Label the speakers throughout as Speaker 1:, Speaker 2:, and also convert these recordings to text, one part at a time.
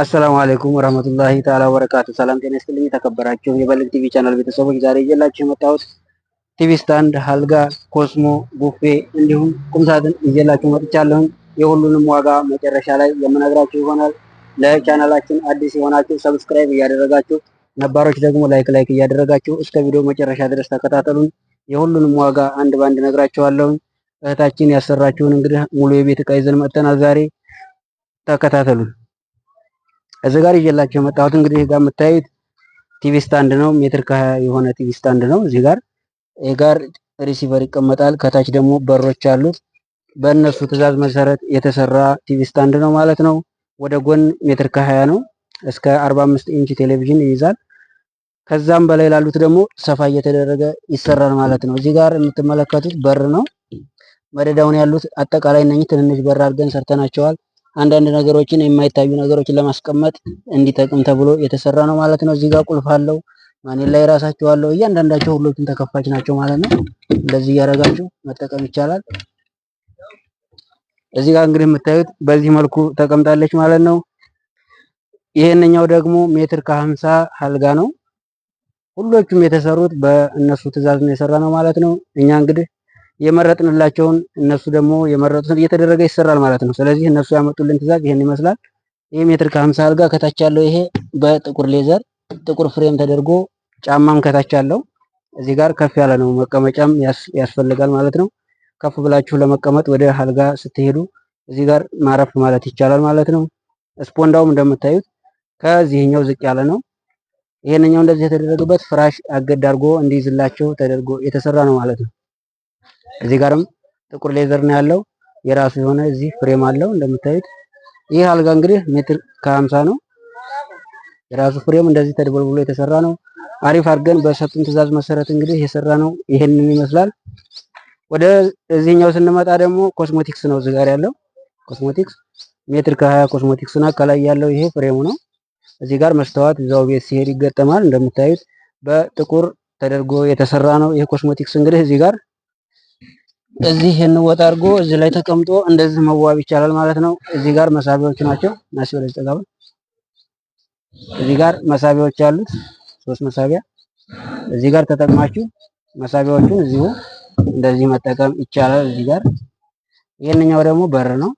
Speaker 1: አሰላሙ አለይኩም ወራህመቱላሂ ተዓላ ወበረካቱ። ሰላም ጤና ይስጥልኝ። የተከበራችሁ የበልግ ቲቪ ቻናል ቤተሰቦች ዛሬ ይዤላችሁ የመጣሁት ቲቪ ስታንድ፣ አልጋ፣ ኮስሞ፣ ቡፌ እንዲሁም ቁምሳጥን ይዤላችሁ መጥቻለሁኝ። የሁሉንም ዋጋ መጨረሻ ላይ የምነግራችሁ ይሆናል። ለቻናላችን አዲስ የሆናችሁ ሰብስክራይብ እያደረጋችሁ ነባሮች ደግሞ ላይክ ላይክ እያደረጋችሁ እስከ ቪዲዮ መጨረሻ ድረስ ተከታተሉን። የሁሉንም ዋጋ አንድ ባንድ ነግራችኋለሁኝ። እህታችን ያሰራችውን እንግዲህ ሙሉ የቤት ዕቃ ይዘን መጥተናል። ዛሬ ተከታተሉን። እዚህ ጋር ይዤላችሁ የመጣሁት እንግዲህ ጋር የምታዩት ቲቪ ስታንድ ነው። ሜትር ከሀያ የሆነ ቲቪ ስታንድ ነው። እዚህ ጋር ጋር ሪሲቨር ይቀመጣል። ከታች ደግሞ በሮች አሉት። በእነሱ ትዕዛዝ መሰረት የተሰራ ቲቪ ስታንድ ነው ማለት ነው። ወደ ጎን ሜትር ከሀያ ነው። እስከ 45 ኢንች ቴሌቪዥን ይይዛል። ከዛም በላይ ላሉት ደግሞ ሰፋ እየተደረገ ይሰራል ማለት ነው። እዚህ ጋር የምትመለከቱት በር ነው። መደዳውን ያሉት አጠቃላይ እነኚህ ትንንሽ በር አድርገን ሰርተናቸዋል። አንዳንድ ነገሮችን የማይታዩ ነገሮችን ለማስቀመጥ እንዲጠቅም ተብሎ የተሰራ ነው ማለት ነው። እዚህ ጋር ቁልፍ አለው ማኔል ላይ ራሳቸው አለው። እያንዳንዳቸው ሁሉም ተከፋች ናቸው ማለት ነው። እንደዚህ እያደረጋችሁ መጠቀም ይቻላል። እዚህ ጋር እንግዲህ የምታዩት በዚህ መልኩ ተቀምጣለች ማለት ነው። ይሄንኛው ደግሞ ሜትር ከሀምሳ አልጋ ነው። ሁሎቹም የተሰሩት በእነሱ ትዕዛዝ ነው የሰራ ነው ማለት ነው። እኛ እንግዲህ የመረጥንላቸውን እነሱ ደግሞ የመረጡትን እየተደረገ ይሰራል ማለት ነው። ስለዚህ እነሱ ያመጡልን ትዕዛዝ ይህን ይመስላል። ይህ ሜትር ከ50 አልጋ ከታች ያለው ይሄ በጥቁር ሌዘር ጥቁር ፍሬም ተደርጎ ጫማም ከታች አለው። እዚህ ጋር ከፍ ያለ ነው፣ መቀመጫም ያስፈልጋል ማለት ነው። ከፍ ብላችሁ ለመቀመጥ ወደ አልጋ ስትሄዱ እዚህ ጋር ማረፍ ማለት ይቻላል ማለት ነው። ስፖንዳውም እንደምታዩት ከዚህኛው ዝቅ ያለ ነው። ይሄንኛው እንደዚህ የተደረገበት ፍራሽ አገድ አድርጎ እንዲይዝላቸው ተደርጎ የተሰራ ነው ማለት ነው። እዚህ ጋርም ጥቁር ሌዘር ነው ያለው። የራሱ የሆነ እዚህ ፍሬም አለው እንደምታዩት። ይህ አልጋ እንግዲህ ሜትር ከሀምሳ ነው። የራሱ ፍሬም እንደዚህ ተደብልብሎ የተሰራ ነው። አሪፍ አድርገን በሰጡን ትዕዛዝ መሰረት እንግዲህ የሰራ ነው። ይሄንን ይመስላል። ወደ እዚህኛው ስንመጣ ደግሞ ኮስሞቲክስ ነው እዚህ ጋር ያለው ኮስሞቲክስ ሜትር ከሀያ ኮስሞቲክስ እና ከላይ ያለው ይሄ ፍሬሙ ነው። እዚህ ጋር መስተዋት እዛው ቤት ሲሄድ ይገጠማል። እንደምታዩት በጥቁር ተደርጎ የተሰራ ነው። ይሄ ኮስሞቲክስ እንግዲህ እዚህ ጋር እዚህ እንወጣ አድርጎ እዚህ ላይ ተቀምጦ እንደዚህ መዋብ ይቻላል ማለት ነው። እዚህ ጋር መሳቢያዎች ናቸው። ናስ ወደ እዚህ ጋር መሳቢያዎች አሉት፣ ሶስት መሳቢያ እዚህ ጋር ተጠቅማችሁ መሳቢያዎቹን እዚሁ እንደዚህ መጠቀም ይቻላል። እዚህ ጋር ይህንኛው ደግሞ በር ነው።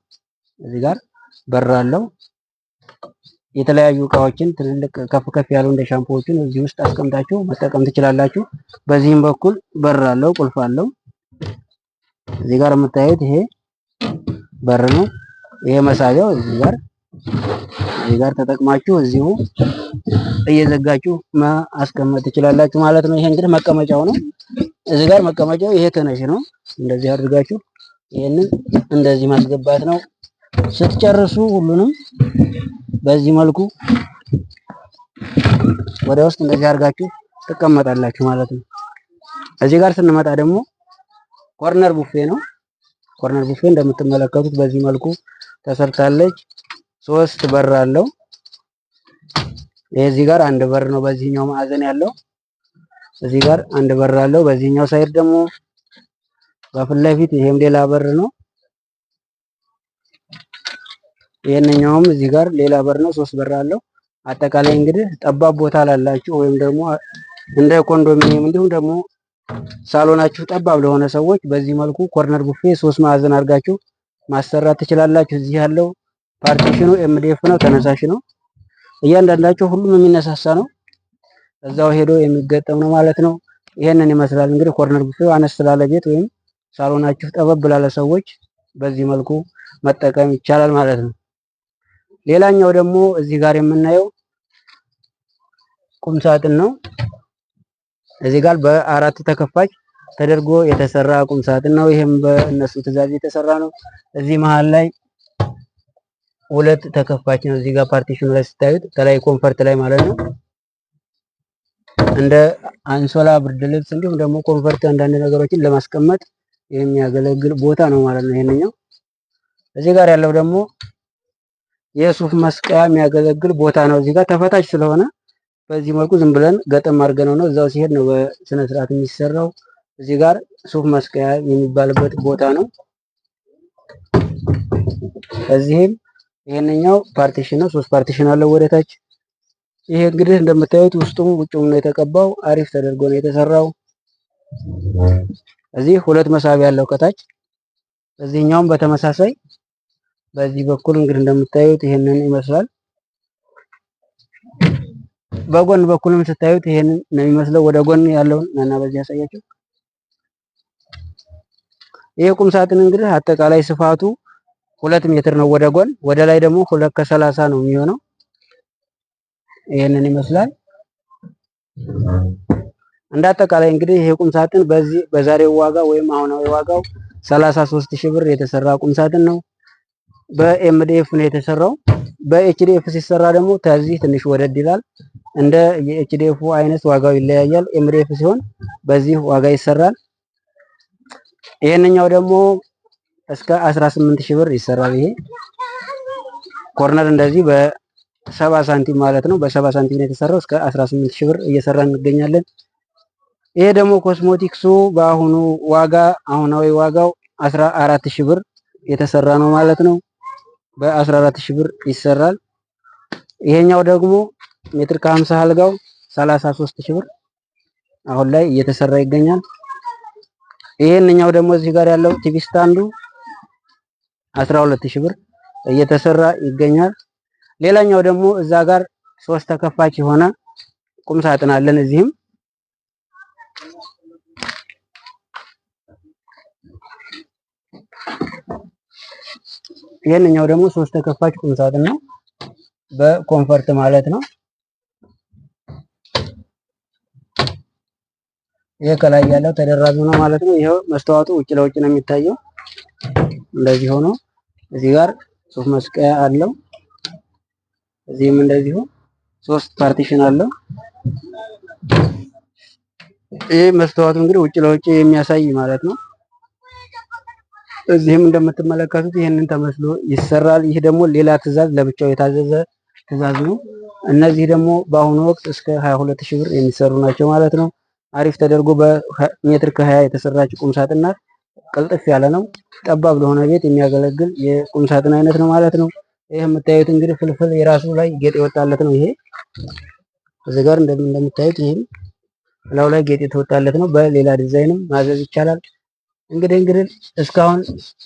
Speaker 1: እዚህ ጋር በር አለው። የተለያዩ እቃዎችን ትልልቅ ከፍ ከፍ ያሉ እንደ ሻምፖዎችን እዚህ ውስጥ አስቀምጣችሁ መጠቀም ትችላላችሁ። በዚህም በኩል በር አለው፣ ቁልፍ አለው። እዚህ ጋር የምታዩት ይሄ በር ነው። ይሄ መሳቢያው እዚህ ጋር እዚህ ጋር ተጠቅማችሁ እዚሁ እየዘጋችሁ ማስቀመጥ ትችላላችሁ ማለት ነው። ይሄ እንግዲህ መቀመጫው ነው። እዚህ ጋር መቀመጫው ይሄ ተነሽ ነው። እንደዚህ አድርጋችሁ ይሄንን እንደዚህ ማስገባት ነው። ስትጨርሱ ሁሉንም በዚህ መልኩ ወደ ውስጥ እንደዚህ አድርጋችሁ ትቀመጣላችሁ ማለት ነው። እዚህ ጋር ስንመጣ ደግሞ ኮርነር ቡፌ ነው። ኮርነር ቡፌ እንደምትመለከቱት በዚህ መልኩ ተሰርታለች። ሶስት በር አለው። እዚህ ጋር አንድ በር ነው በዚህኛው ማዕዘን ያለው። እዚህ ጋር አንድ በር አለው። በዚህኛው ሳይድ ደግሞ በፊት ለፊት ይሄም ሌላ በር ነው። ይሄንኛውም እዚህ ጋር ሌላ በር ነው። ሶስት በር አለው። አጠቃላይ እንግዲህ ጠባብ ቦታ ላላችሁ ወይም ደግሞ እንደ ኮንዶሚኒየም እንዲሁም ደግሞ ሳሎናችሁ ጠባብ ለሆነ ሰዎች በዚህ መልኩ ኮርነር ቡፌ ሶስት ማዕዘን አድርጋችሁ ማሰራት ትችላላችሁ። እዚህ ያለው ፓርቲሽኑ ኤምዲኤፍ ነው፣ ተነሳሽ ነው። እያንዳንዳቸው ሁሉም የሚነሳሳ ነው፣ እዛው ሄዶ የሚገጠም ነው ማለት ነው። ይሄንን ይመስላል እንግዲህ ኮርነር ቡፌው አነስ ስላለ ቤት ወይም ሳሎናችሁ ጠበብ ላለ ሰዎች በዚህ መልኩ መጠቀም ይቻላል ማለት ነው። ሌላኛው ደግሞ እዚህ ጋር የምናየው ቁምሳጥን ነው። እዚህ ጋር በአራት ተከፋች ተደርጎ የተሰራ ቁም ሳጥን ነው። ይህም በእነሱ ትዕዛዝ የተሰራ ነው። እዚህ መሀል ላይ ሁለት ተከፋች ነው። እዚህ ጋር ፓርቲሽኑ ላይ ስታዩት ከላይ ኮንፈርት ላይ ማለት ነው እንደ አንሶላ፣ ብርድ ልብስ እንዲሁም ደግሞ ኮንፈርት አንዳንድ ነገሮችን ለማስቀመጥ የሚያገለግል ቦታ ነው ማለት ነው። ይሄንኛው እዚህ ጋር ያለው ደግሞ የሱፍ መስቀያ የሚያገለግል ቦታ ነው። እዚህ ጋር ተፈታች ስለሆነ በዚህ መልኩ ዝም ብለን ገጠም አድርገነው ነው እዛው ሲሄድ ነው በስነ ስርዓት የሚሰራው። እዚህ ጋር ሱፍ መስቀያ የሚባልበት ቦታ ነው። እዚህም ይህንኛው ፓርቲሽን ነው። ሶስት ፓርቲሽን አለው ወደታች። ይሄ እንግዲህ እንደምታዩት ውስጡም ውጭም ነው የተቀባው። አሪፍ ተደርጎ ነው የተሰራው። እዚህ ሁለት መሳቢያ ያለው ከታች፣ እዚህኛውም በተመሳሳይ በዚህ በኩል እንግዲህ እንደምታዩት ይሄንን ይመስላል። በጎን በኩል ስታዩት ይሄን ነው የሚመስለው። ወደ ጎን ያለውን እና በዚህ ያሳያችሁ። ይሄ ቁም ሳጥን እንግዲህ አጠቃላይ ስፋቱ ሁለት ሜትር ነው ወደ ጎን፣ ወደ ላይ ደግሞ ሁለት ከሰላሳ ነው የሚሆነው። ይሄንን ይመስላል። እንደ አጠቃላይ እንግዲህ ይሄ ቁም ሳጥን በዚህ በዛሬው ዋጋ ወይም አሁናዊ ዋጋው ሰላሳ ሺህ ብር የተሰራ ቁም ሳጥን ነው። በኤምዲኤፍ ነው የተሰራው። በኤችዲኤፍ ሲሰራ ደግሞ ተዚህ ትንሽ ወደድ ይላል። እንደ የኤችዲኤፉ አይነት ዋጋው ይለያያል። ኤምዲኤፍ ሲሆን በዚህ ዋጋ ይሰራል። ይሄንኛው ደግሞ እስከ 18 ሺህ ብር ይሰራል። ይሄ ኮርነር እንደዚህ በሰባ ሳንቲም ማለት ነው። በሰባ ሳንቲም ነው የተሰራው። እስከ 18 ሺህ ብር እየሰራ እንገኛለን። ይሄ ደግሞ ኮስሞቲክሱ በአሁኑ ዋጋ አሁናዊ ዋጋው 14 ሺህ ብር የተሰራ ነው ማለት ነው። በ 14000 ብር ይሰራል። ይሄኛው ደግሞ ሜትር ከ50 አልጋው 33000 ብር አሁን ላይ እየተሰራ ይገኛል። ይሄንኛው ደግሞ እዚህ ጋር ያለው ቲቪ ስታንዱ 12 ብር እየተሰራ ይገኛል። ሌላኛው ደግሞ እዛ ጋር ሶስት ተከፋች የሆነ ቁም ሳጥን አለን እዚህም ይህንኛው ደግሞ ሶስት ተከፋች ቁምሳጥን ነው። በኮንፈርት ማለት ነው። ይሄ ከላይ ያለው ተደራቢ ነው ማለት ነው። ይሄው መስተዋቱ ውጭ ለውጭ ነው የሚታየው እንደዚህ ሆኖ እዚህ ጋር ሱፍ መስቀያ አለው። እዚህም እንደዚሁ ሶስት ፓርቲሽን አለው። ይህ መስተዋቱ እንግዲህ ውጭ ለውጭ የሚያሳይ ማለት ነው። እዚህም እንደምትመለከቱት ይህንን ተመስሎ ይሰራል። ይህ ደግሞ ሌላ ትዕዛዝ ለብቻው የታዘዘ ትዕዛዝ ነው። እነዚህ ደግሞ በአሁኑ ወቅት እስከ 22 ሺህ ብር የሚሰሩ ናቸው ማለት ነው። አሪፍ ተደርጎ በሜትር ከ20 የተሰራች ቁምሳጥን ናት። ቅልጥፍ ያለ ነው። ጠባብ ለሆነ ቤት የሚያገለግል የቁምሳጥን አይነት ነው ማለት ነው። ይህ የምታዩት እንግዲህ ፍልፍል የራሱ ላይ ጌጥ የወጣለት ነው። ይሄ እዚህ ጋር እንደምታዩት ይህም ላዩ ላይ ጌጥ የተወጣለት ነው። በሌላ ዲዛይንም ማዘዝ ይቻላል። እንግዲህ እንግዲህ እስካሁን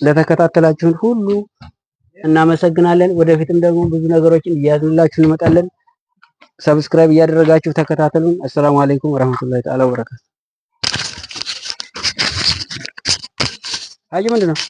Speaker 1: ለተከታተላችሁን ሁሉ እናመሰግናለን። ወደፊትም ደግሞ ብዙ ነገሮችን እያዝንላችሁ እንመጣለን። ሰብስክራይብ እያደረጋችሁ ተከታተሉን። አሰላሙ አለይኩም ወራህመቱላሂ ተዓላ ወበረካቱ። አይ ምንድን ነው